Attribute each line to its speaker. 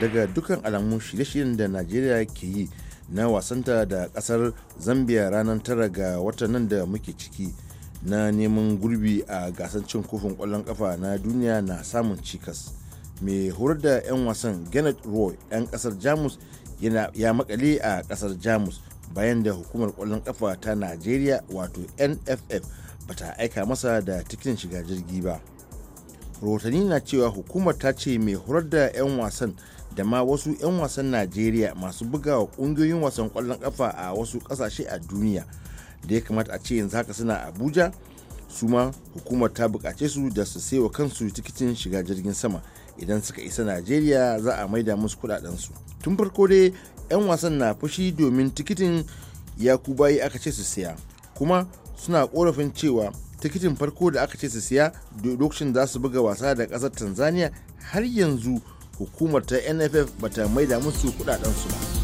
Speaker 1: daga dukkan alamun shirye-shiryen da najeriya ke yi na wasanta da kasar zambia ranar tara ga watan nan da muke ciki na neman gurbi a gasar cin kofin kwallon kafa na duniya na samun cikas mai horar da 'yan wasan kenneth roy 'yan kasar jamus ya makale a kasar jamus bayan da hukumar kwallon kafa ta najeriya wato nff ta aika masa da tikin shiga jirgi ba rahotanni na cewa hukumar ta ce mai horar da 'yan wasan da ma wasu 'yan wasan najeriya masu buga wa kungiyoyin wasan kwallon kafa a wasu kasashe a duniya da ya kamata a ce yanzu haka suna abuja su ma hukumar ta bukace su da su sewa kansu tikitin shiga jirgin sama idan suka isa najeriya za a maida musu su tun farko dai 'yan wasan na fushi domin tikitin ya bayi aka ce su siya kuma suna korafin cewa tikitin farko da aka ce su siya lokacin za su buga wasa da kasar tanzania har yanzu hukumar ta nff bata maida musu kudaden su ba